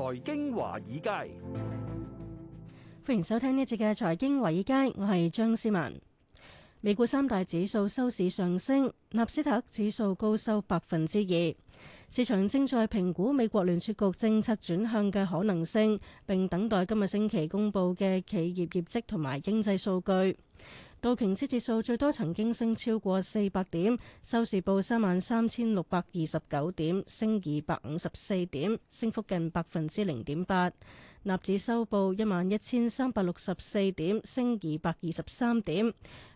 財經華爾街，歡迎收聽呢一節嘅財經華爾街，我係張思文。美股三大指數收市上升，納斯達克指數高收百分之二。市場正在評估美國聯儲局政策轉向嘅可能性，並等待今個星期公布嘅企業業績同埋經濟數據。道瓊斯指數最多曾經升超過四百點，收市報三萬三千六百二十九點，升二百五十四點，升幅近百分之零點八。納指收報一萬一千三百六十四點，升二百二十三點。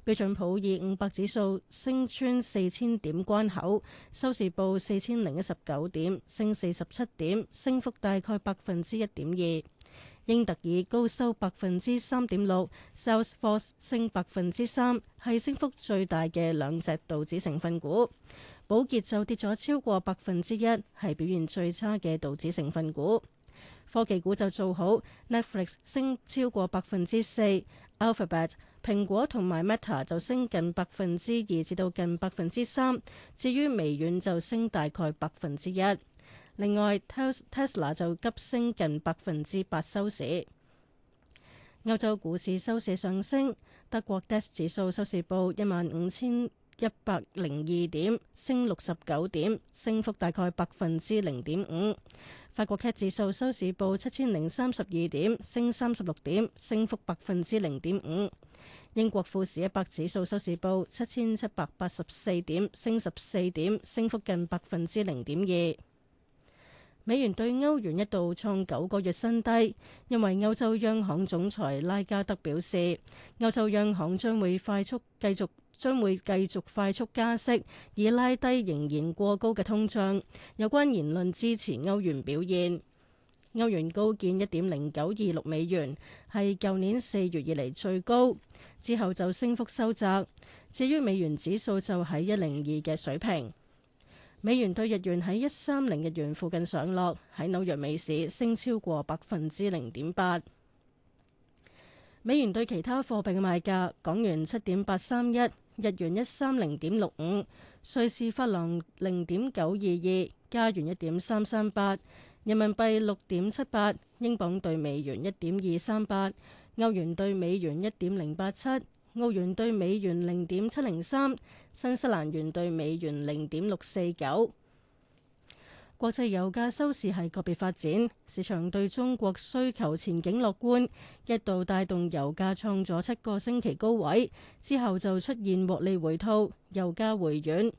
標準普爾五百指數升穿四千點關口，收市報四千零一十九點，升四十七點，升幅大概百分之一點二。英特爾高收百分之三點六 Salesforce 升百分之三，係升幅最大嘅兩隻道指成分股。寶潔就跌咗超過百分之一，係表現最差嘅道指成分股。科技股就做好，Netflix 升超過百分之四，Alphabet、蘋果同埋 Meta 就升近百分之二至到近百分之三，至於微軟就升大概百分之一。另外，Tesla 就急升近百分之八收市。歐洲股市收市上升，德國 DAX 指數收市報一萬五千一百零二點，升六十九點，升幅大概百分之零點五。法國 CAC 指數收市報七千零三十二點，升三十六點，升幅百分之零點五。英國富時一百指數收市報七千七百八十四點，升十四點，升幅近百分之零點二。美元兌歐元一度創九個月新低，因為歐洲央行總裁拉加德表示，歐洲央行將會快速繼續將會繼續快速加息，以拉低仍然過高嘅通脹。有關言論支持歐元表現，歐元高見一點零九二六美元，係舊年四月以嚟最高，之後就升幅收窄。至於美元指數就喺一零二嘅水平。美元兌日元喺一三零日元附近上落，喺紐約美市升超過百分之零點八。美元對其他貨幣嘅賣價：港元七點八三一，日元一三零點六五，瑞士法郎零點九二二，加元一點三三八，人民幣六點七八，英鎊兌美元一點二三八，歐元兌美元一點零八七。澳元兌美元零點七零三，新西蘭元兌美元零點六四九。國際油價收市係個別發展，市場對中國需求前景樂觀，一度帶動油價創咗七個星期高位，之後就出現獲利回吐，油價回軟。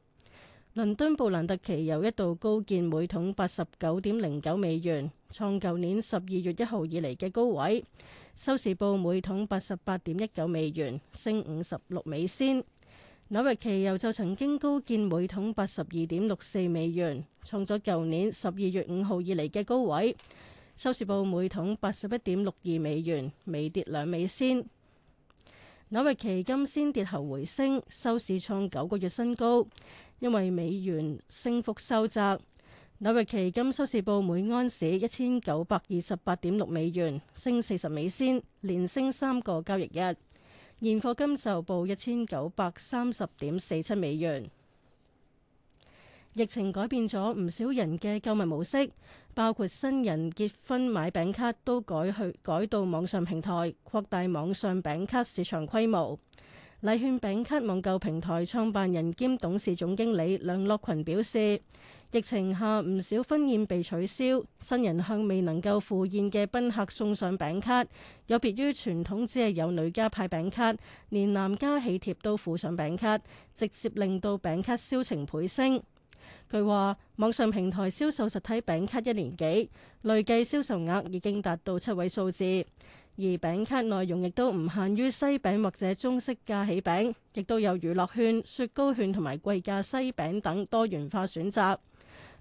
倫敦布蘭特期油一度高見每桶八十九點零九美元，創舊年十二月一號以嚟嘅高位，收市報每桶八十八點一九美元，升五十六美仙。紐約期油就曾經高見每桶八十二點六四美元，創咗舊年十二月五號以嚟嘅高位，收市報每桶八十一點六二美元，微跌兩美仙。紐約期金先跌後回升，收市創九個月新高，因為美元升幅收窄。紐約期金收市報每安士一千九百二十八點六美元，升四十美仙，連升三個交易日。現貨金就報一千九百三十點四七美元。疫情改變咗唔少人嘅購物模式，包括新人結婚買餅卡都改去改到網上平台，擴大網上餅卡市場規模。禮券餅卡網購平台創辦人兼董事總經理梁樂群表示，疫情下唔少婚宴被取消，新人向未能夠赴宴嘅賓客送上餅卡，有別於傳統，只係有女家派餅卡，連男家喜帖都附上餅卡，直接令到餅卡銷情倍升。佢話：網上平台銷售實體餅卡一年幾，累計銷售額已經達到七位數字。而餅卡內容亦都唔限於西餅或者中式架起餅，亦都有娛樂券、雪糕券同埋貴價西餅等多元化選擇。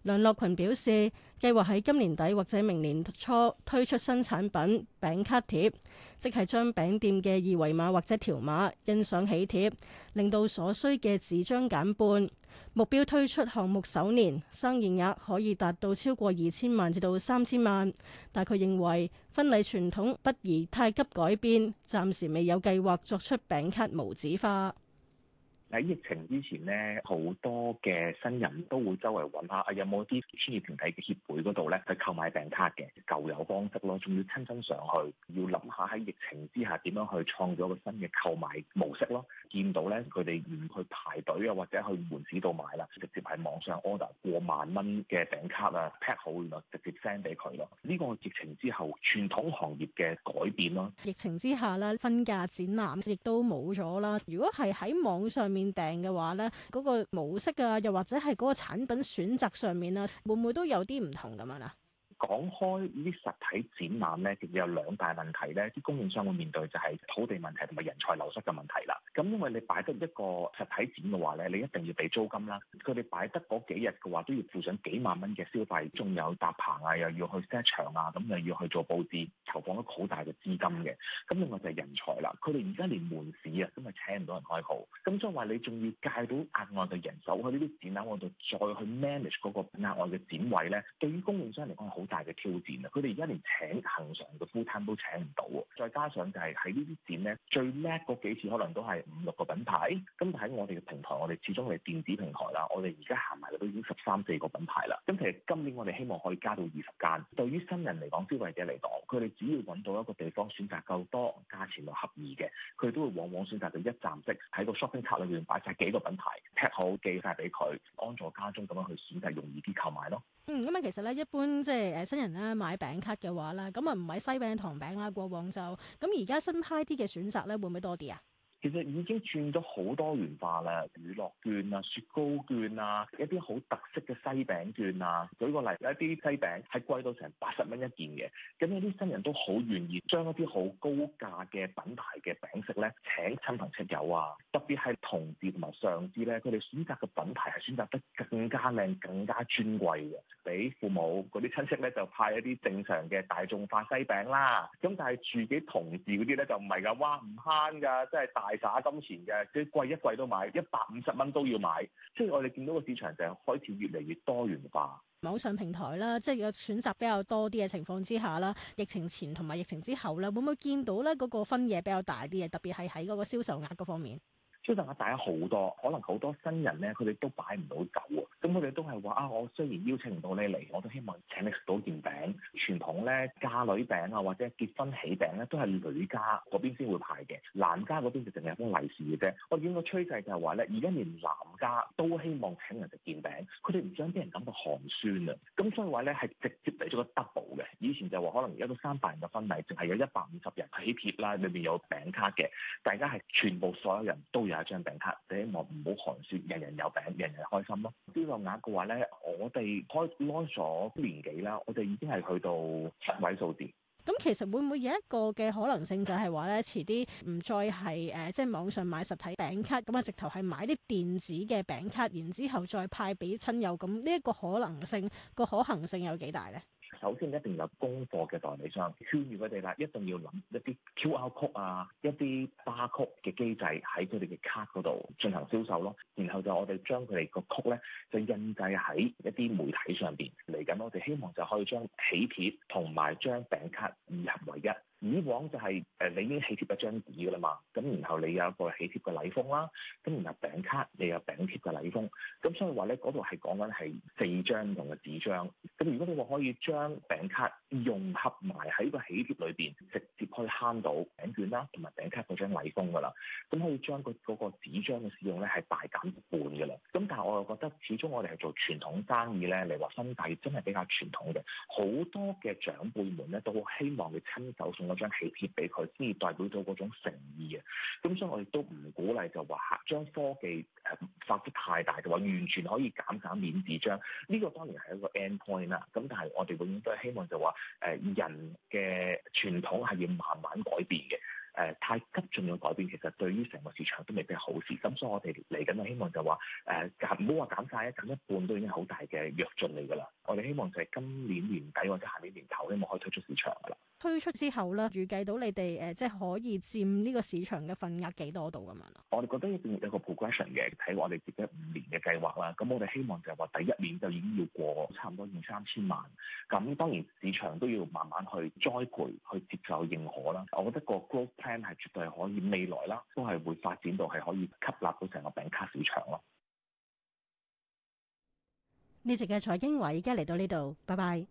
梁樂群表示，計劃喺今年底或者明年初推出新產品餅卡貼，即係將餅店嘅二維碼或者條碼印上喜帖，令到所需嘅紙張減半。目標推出項目首年生意額可以達到超過二千萬至到三千萬。但佢認為婚禮傳統不宜太急改變，暫時未有計劃作出餅卡無紙化。喺疫情之前咧，好多嘅新人都會周圍揾下，啊、有冇啲專業團體協會嗰度咧去購買餅卡嘅舊有方式咯，仲要親身上去，要諗下喺疫情之下點樣去創造一個新嘅購買模式咯。見到咧佢哋唔去排隊啊，或者去門市度買啦，直接喺網上 order 過萬蚊嘅餅卡啊，pack 好完咯，直接 send 俾佢咯。呢、這個疫情之後傳統行業嘅改變咯。疫情之下咧婚嫁展覽亦都冇咗啦。如果係喺網上。面訂嘅話，咧，嗰個模式啊，又或者係嗰個產品選擇上面啊，會唔會都有啲唔同咁樣啊？講開呢啲實體展覽咧，其實有兩大問題咧，啲供應商會面對就係土地問題同埋人才流失嘅問題啦。咁因為你擺得一個實體展嘅話咧，你一定要俾租金啦。佢哋擺得嗰幾日嘅話，都要付上幾萬蚊嘅消費，仲有搭棚啊，又要去 set 場啊，咁又要去做佈置，投放咗好大嘅資金嘅。咁另外就係人才啦，佢哋而家連門市啊，都係請唔到人開鋪。咁所以話你仲要介到額外嘅人手去呢啲展覽度再去 manage 嗰個額外嘅展位咧，對於供應商嚟講係好大嘅挑戰啊！佢哋而家連請恆常嘅 full time 都請唔到喎，再加上就係喺呢啲展咧，最叻嗰幾次可能都係五六個品牌，咁喺我哋嘅平台，我哋始終係電子平台啦。我哋而家行埋嚟都已經十三四個品牌啦。咁其實今年我哋希望可以加到二十間。對於新人嚟講，消費者嚟講，佢哋只要揾到一個地方，選擇夠多，價錢又合意嘅，佢都會往往選擇到一站式喺個 shopping cart 裏邊擺晒幾個品牌，劈好寄晒俾佢，安坐家中咁樣去選擇，容易啲購買咯。嗯，咁、嗯、啊，其實咧，一般即係誒新人咧買餅卡嘅話咧，咁啊唔買西餅糖餅啦，過往就咁而家新派啲嘅選擇咧，會唔會多啲啊？其實已經轉咗好多元化啦，娛樂券啊、雪糕券啊、一啲好特色嘅西餅券啊，舉個例咧，一啲西餅係貴到成八十蚊一件嘅，咁呢啲新人都好願意將一啲好高價嘅品牌嘅餅食咧，請親朋戚友啊，特別係同事同埋上司咧，佢哋選擇嘅品牌係選擇得更加靚、更加尊貴嘅，俾父母嗰啲親戚咧就派一啲正常嘅大眾化西餅啦，咁但係自己同事嗰啲咧就唔係㗎，哇唔慳㗎，即係大～係耍金錢嘅，佢貴一貴都買一百五十蚊都要買，所以我哋見到個市場就係開始越嚟越多元化，網上平台啦，即係有選擇比較多啲嘅情況之下啦。疫情前同埋疫情之後咧，會唔會見到咧嗰個分野比較大啲嘅？特別係喺嗰個銷售額嗰方面。超值額大咗好多，可能好多新人咧，佢哋都擺唔到酒啊。咁佢哋都係話啊，我雖然邀請唔到你嚟，我都希望請你食到件餅。傳統咧嫁女餅啊，或者結婚喜餅咧、啊，都係女家嗰邊先會派嘅，男家嗰邊就淨係封利是嘅啫。我見個趨勢就係話咧，而家連男家都希望請人食件餅，佢哋唔想啲人感到寒酸啊，咁所以話咧係直接嚟咗個 double 嘅。以前就話可能而家都三百人嘅婚禮，淨係有一百五十人起帖啦，裏面有餅卡嘅，大家係全部所有人都有。有張餅卡，就希望唔好寒雪，人人有餅，人人開心咯。呢個額嘅話咧，我哋開開咗年幾啦，我哋已經係去到七位數字。咁其實會唔會有一個嘅可能性就，就係話咧，遲啲唔再係誒，即係網上買實體餅卡，咁啊，直頭係買啲電子嘅餅卡，然之後再派俾親友，咁呢一個可能性個可行性有幾大咧？.首先一定有供貨嘅代理商，勵住佢哋啦，一定要諗一啲 QR code 啊，一啲巴曲嘅機制喺佢哋嘅卡嗰度進行銷售咯。然後就我哋將佢哋個曲咧，就印製喺一啲媒體上邊嚟緊。我哋希望就可以將喜帖同埋將餅卡二合為一。以往就係、是、誒、呃、你已經喜帖一張紙㗎啦嘛，咁然後你有一個喜帖嘅禮封啦，咁然後餅卡你有餅貼嘅禮封，咁所以話咧嗰度係講緊係四張用嘅紙張，咁如果你話可以將餅卡融合埋喺個喜帖裏邊，直接可以慳到餅券啦同埋餅卡嗰張禮封㗎啦，咁可以將個嗰個紙張嘅使用咧係大減一半㗎啦，咁但係我又覺得始終我哋係做傳統生意咧，你話婚禮真係比較傳統嘅，好多嘅長輩們咧都希望你親手送。張喜帖俾佢，先至代表到嗰種誠意嘅。咁所以我亦都唔鼓勵就話，將科技誒發揮太大嘅話，完全可以減減免字張。呢、這個當然係一個 end point 啦。咁但係我哋永遠都係希望就話，誒人嘅傳統係要慢慢改變嘅。誒、呃、太急進嘅改變，其實對於成個市場都未必係好事。咁所以我哋嚟緊就希望就話誒、呃、減，唔好話減曬啊，減一半都已經係好大嘅躍進嚟㗎啦。我哋希望就係今年年底或者下年年頭咧，我可以推出市場㗎啦。推出之後咧，預計到你哋誒、呃、即係可以佔呢個市場嘅份額幾多度咁樣？我哋覺得一定有一個 progression 嘅，睇我哋接一五年嘅計劃啦。咁我哋希望就係話第一年就已經要過差唔多二三千萬。咁當然市場都要慢慢去栽培，去接受認可啦。我覺得個 g 係絕對係可以，未 來啦都係會發展到係可以吸納到成個餅卡市場咯。呢集嘅財經華爾街而家嚟到呢度，拜拜。